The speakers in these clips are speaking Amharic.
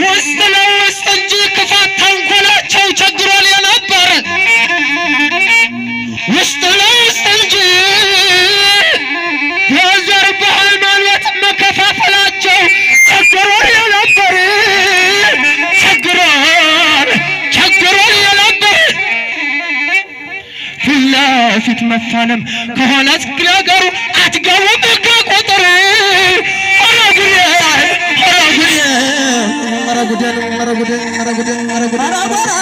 ውስጥ ለውስጥ እንጂ ክፋት ተንኮላቸው ቸግሮን የነበረ ውስጥ ለውስጥ እንጂ በዘር በሃይማኖት መከፋፈላቸው ቸግሮን የነበረ ቸግሮን ቸግሮን የነበረ ፊት ለፊት መፋለም ከሆነ ነገሩ ቁጥር Arabara, Arabara, Arabara, Arabara,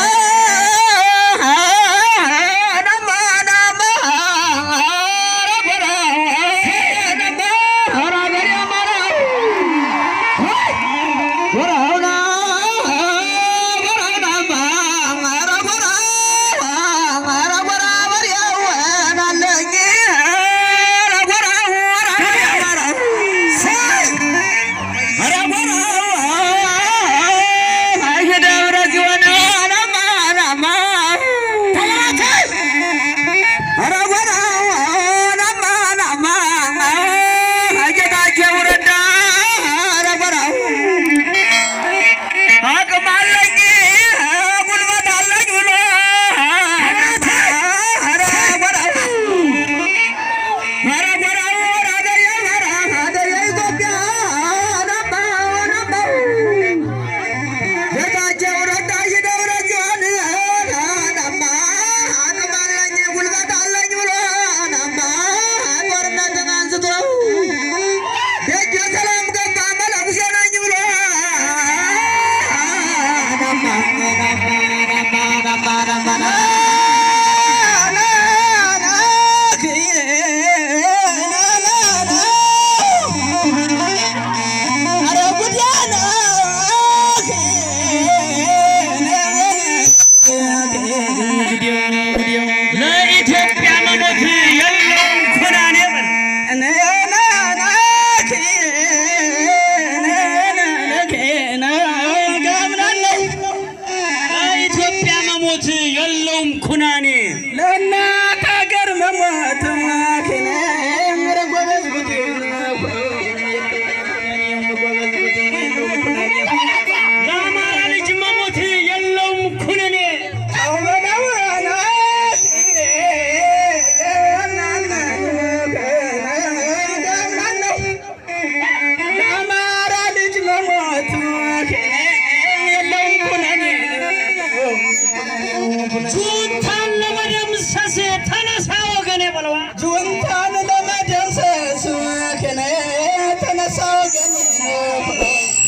ተደራደሩት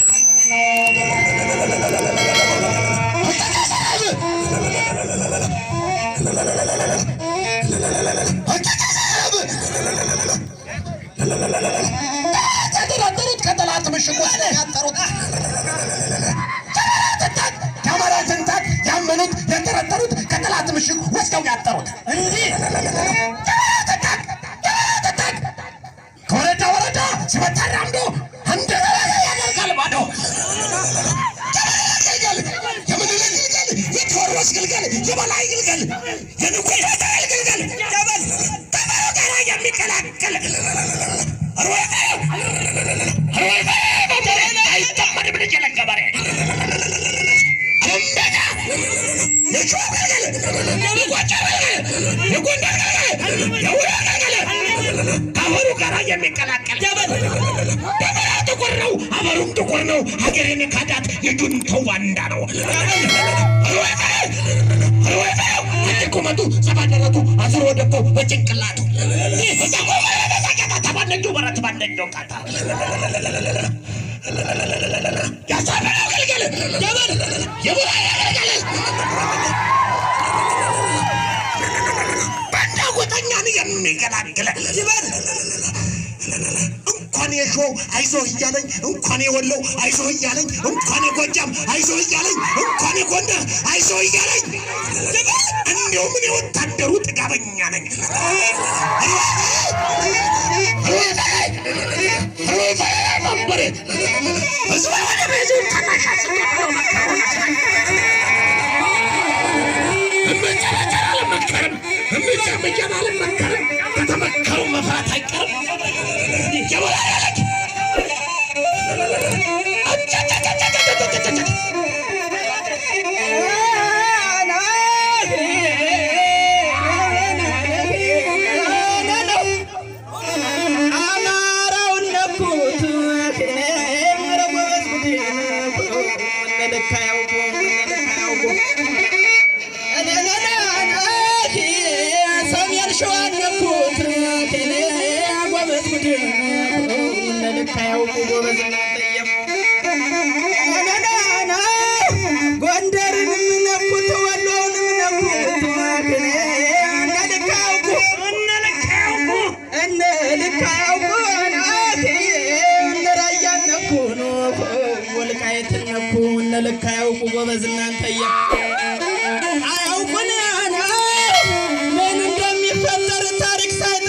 ከጠላት ምሽጉ ያጠሩት ከመራ ትንታት ያመኑት ወረዳ ሲመታ የበላይ አገልግል የንጉሥ አገልግል ደበል ተበሉ ጋር የሚቀላቀል አይጠመድም ልጅ ለገበሬ እምበታ የቹ አገልግል የውሎ አገልግል ከአሁኑ ጋር የሚቀላቀል ደበል ጥቁር ነው፣ አበሩም ጥቁር ነው። ሀገሬን ካዳት የጁን ባንዳ ነው። ቁመቱ ሰባ ደረቱ አስሮ ደግሞ በጭንቅላቱ ተባነጆ በረት ባነጆ ቃታ እንኳን የሾው አይዞ እያለኝ እንኳን የወለው አይዞ እያለኝ እንኳን የጎጃም አይዞ እያለኝ እንኳን የጎንደር አይዞ እያለኝ እንዲሁም እኔ ወታደሩ ጥጋበኛ ነኝ። እምጫ መፍራት አይቀርም። ¡Que volara a la እነ ልክ አያውቁ ጎበዝ እናንተ እያ አያውቁን ምን እንደሚፈጠር ታሪክ ሳይ